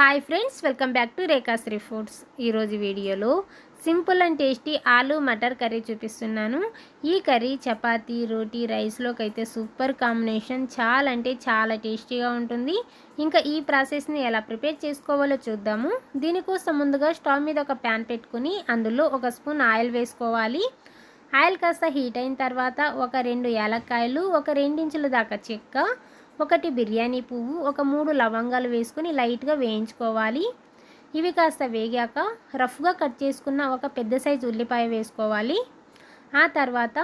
hi friends welcome back to Rekhashri foods ఈరోజు వీడియోలో simple and tasty aloo matar curry చూపిస్తున్నాను ఈ కర్రీ చపాతీ రోటీ రైస్లోకి అయితే సూపర్ కాంబినేషన్ చాలా అంటే చాలా టేస్టీగా ఉంటుంది ఇంకా ఈ ప్రాసెస్ని ఎలా ప్రిపేర్ చేసుకోవాలో చూద్దాము దీనికోసం ముందుగా స్టవ్ మీద ఒక ప్యాన్ పెట్టుకుని అందులో ఒక స్పూన్ ఆయిల్ వేసుకోవాలి ఆయిల్ కాస్త హీట్ అయిన తర్వాత ఒక రెండు యాలక్కాయలు ఒక రెండించుల దాకా చెక్క ఒకటి బిర్యానీ పువ్వు ఒక మూడు లవంగాలు వేసుకుని లైట్గా వేయించుకోవాలి ఇవి కాస్త వేగాక రఫ్గా కట్ చేసుకున్న ఒక పెద్ద సైజు ఉల్లిపాయ వేసుకోవాలి ఆ తర్వాత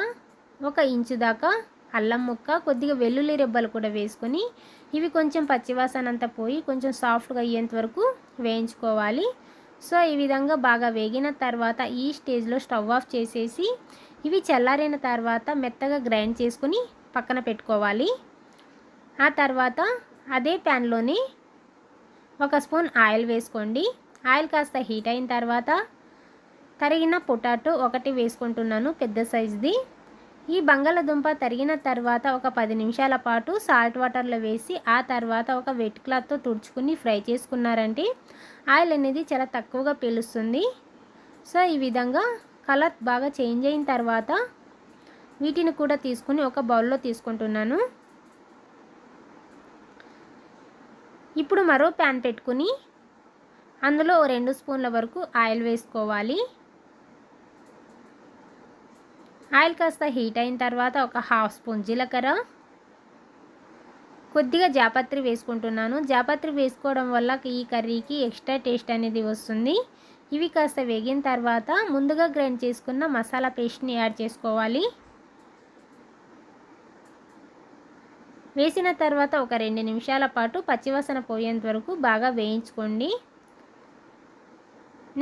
ఒక ఇంచు దాకా అల్లం ముక్క కొద్దిగా వెల్లుల్లి రెబ్బలు కూడా వేసుకొని ఇవి కొంచెం పచ్చివాసన అంతా పోయి కొంచెం సాఫ్ట్గా అయ్యేంత వరకు వేయించుకోవాలి సో ఈ విధంగా బాగా వేగిన తర్వాత ఈ స్టేజ్లో స్టవ్ ఆఫ్ చేసేసి ఇవి చల్లారిన తర్వాత మెత్తగా గ్రైండ్ చేసుకుని పక్కన పెట్టుకోవాలి ఆ తర్వాత అదే ప్యాన్లోని ఒక స్పూన్ ఆయిల్ వేసుకోండి ఆయిల్ కాస్త హీట్ అయిన తర్వాత తరిగిన పొటాటో ఒకటి వేసుకుంటున్నాను పెద్ద సైజుది ఈ బంగాళదుంప తరిగిన తర్వాత ఒక పది నిమిషాల పాటు సాల్ట్ వాటర్లో వేసి ఆ తర్వాత ఒక వెట్ క్లాత్తో తుడుచుకుని ఫ్రై చేసుకున్నారంటే ఆయిల్ అనేది చాలా తక్కువగా పీలుస్తుంది సో ఈ విధంగా కలర్ బాగా చేంజ్ అయిన తర్వాత వీటిని కూడా తీసుకుని ఒక బౌల్లో తీసుకుంటున్నాను ఇప్పుడు మరో ప్యాన్ పెట్టుకుని అందులో రెండు స్పూన్ల వరకు ఆయిల్ వేసుకోవాలి ఆయిల్ కాస్త హీట్ అయిన తర్వాత ఒక హాఫ్ స్పూన్ జీలకర్ర కొద్దిగా జాపత్రి వేసుకుంటున్నాను జాపత్రి వేసుకోవడం వల్ల ఈ కర్రీకి ఎక్స్ట్రా టేస్ట్ అనేది వస్తుంది ఇవి కాస్త వేగిన తర్వాత ముందుగా గ్రైండ్ చేసుకున్న మసాలా పేస్ట్ని యాడ్ చేసుకోవాలి వేసిన తర్వాత ఒక రెండు నిమిషాల పాటు పచ్చివాసన పోయేంత వరకు బాగా వేయించుకోండి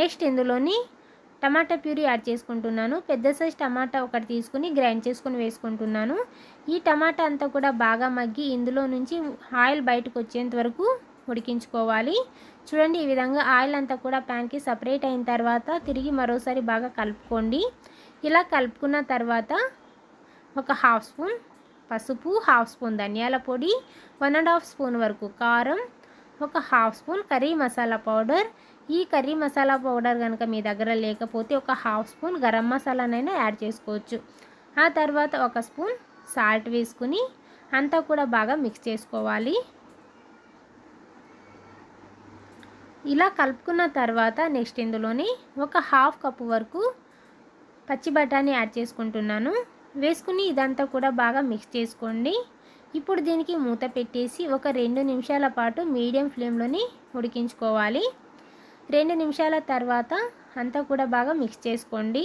నెక్స్ట్ ఇందులోని టమాటా ప్యూరీ యాడ్ చేసుకుంటున్నాను పెద్ద సైజ్ టమాటా ఒకటి తీసుకుని గ్రైండ్ చేసుకుని వేసుకుంటున్నాను ఈ టమాటా అంతా కూడా బాగా మగ్గి ఇందులో నుంచి ఆయిల్ బయటకు వచ్చేంత వరకు ఉడికించుకోవాలి చూడండి ఈ విధంగా ఆయిల్ అంతా కూడా ప్యాన్కి సపరేట్ అయిన తర్వాత తిరిగి మరోసారి బాగా కలుపుకోండి ఇలా కలుపుకున్న తర్వాత ఒక హాఫ్ స్పూన్ పసుపు హాఫ్ స్పూన్ ధనియాల పొడి వన్ అండ్ హాఫ్ స్పూన్ వరకు కారం ఒక half spoon curry masala powder ఈ కర్రీ మసాలా పౌడర్ కనుక మీ దగ్గర లేకపోతే ఒక హాఫ్ స్పూన్ గరం మసాలానైనా యాడ్ చేసుకోవచ్చు ఆ తర్వాత ఒక స్పూన్ సాల్ట్ వేసుకుని అంతా కూడా బాగా మిక్స్ చేసుకోవాలి ఇలా కలుపుకున్న తర్వాత నెక్స్ట్ ఇందులోని ఒక హాఫ్ కప్పు వరకు పచ్చి బఠానీ యాడ్ చేసుకుంటున్నాను వేసుకుని ఇదంతా కూడా బాగా మిక్స్ చేసుకోండి ఇప్పుడు దీనికి మూత పెట్టేసి ఒక రెండు నిమిషాల పాటు మీడియం ఫ్లేమ్లోని ఉడికించుకోవాలి రెండు నిమిషాల తర్వాత అంతా కూడా బాగా మిక్స్ చేసుకోండి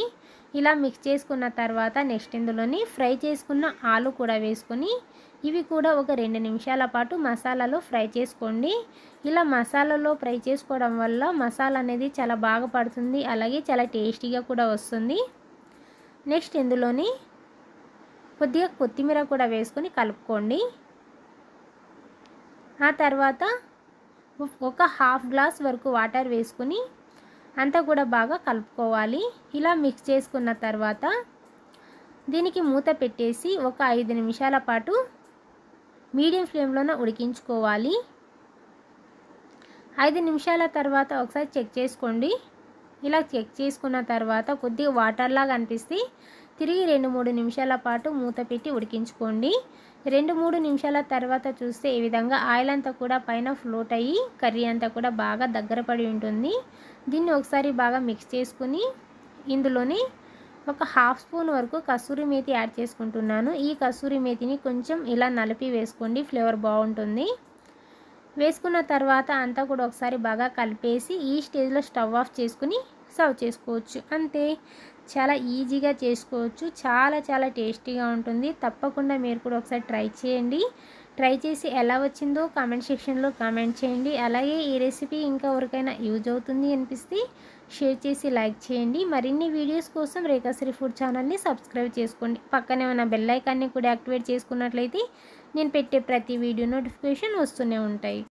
ఇలా మిక్స్ చేసుకున్న తర్వాత నెక్స్ట్ ఇందులోని ఫ్రై చేసుకున్న ఆలు కూడా వేసుకొని ఇవి కూడా ఒక రెండు నిమిషాల పాటు మసాలాలో ఫ్రై చేసుకోండి ఇలా మసాలాలో ఫ్రై చేసుకోవడం వల్ల మసాలా అనేది చాలా బాగా పడుతుంది అలాగే చాలా టేస్టీగా కూడా వస్తుంది నెక్స్ట్ ఇందులోని కొద్దిగా కొత్తిమీర కూడా వేసుకొని కలుపుకోండి ఆ తర్వాత ఒక హాఫ్ గ్లాస్ వరకు వాటర్ వేసుకుని అంతా కూడా బాగా కలుపుకోవాలి ఇలా మిక్స్ చేసుకున్న తర్వాత దీనికి మూత పెట్టేసి ఒక ఐదు నిమిషాల పాటు మీడియం ఫ్లేమ్లోనే ఉడికించుకోవాలి ఐదు నిమిషాల తర్వాత ఒకసారి చెక్ చేసుకోండి ఇలా చెక్ చేసుకున్న తర్వాత కొద్దిగా వాటర్లాగా అనిపిస్తే తిరిగి రెండు మూడు నిమిషాల పాటు మూత పెట్టి ఉడికించుకోండి రెండు మూడు నిమిషాల తర్వాత చూస్తే ఈ విధంగా ఆయిల్ అంతా కూడా పైన ఫ్లోట్ అయ్యి కర్రీ అంతా కూడా బాగా దగ్గర పడి ఉంటుంది దీన్ని ఒకసారి బాగా మిక్స్ చేసుకుని ఇందులోనే ఒక హాఫ్ స్పూన్ వరకు కస్తూరి మేతి యాడ్ చేసుకుంటున్నాను ఈ కస్తూరి మేతిని కొంచెం ఇలా నలిపి వేసుకోండి ఫ్లేవర్ బాగుంటుంది వేసుకున్న తర్వాత అంతా కూడా ఒకసారి బాగా కలిపేసి ఈ స్టేజ్లో స్టవ్ ఆఫ్ చేసుకుని సర్వ్ చేసుకోవచ్చు అంతే చాలా ఈజీగా చేసుకోవచ్చు చాలా చాలా టేస్టీగా ఉంటుంది తప్పకుండా మీరు కూడా ఒకసారి ట్రై చేయండి ట్రై చేసి ఎలా వచ్చిందో కామెంట్ సెక్షన్లో కామెంట్ చేయండి అలాగే ఈ రెసిపీ ఇంకా ఎవరికైనా యూజ్ అవుతుంది అనిపిస్తే షేర్ చేసి లైక్ చేయండి మరిన్ని వీడియోస్ కోసం రేఖాశ్రీ ఫుడ్ ఛానల్ని సబ్స్క్రైబ్ చేసుకోండి పక్కనే ఉన్న బెల్లైకాన్ని కూడా యాక్టివేట్ చేసుకున్నట్లయితే నేను పెట్టే ప్రతి వీడియో నోటిఫికేషన్ వస్తూనే ఉంటాయి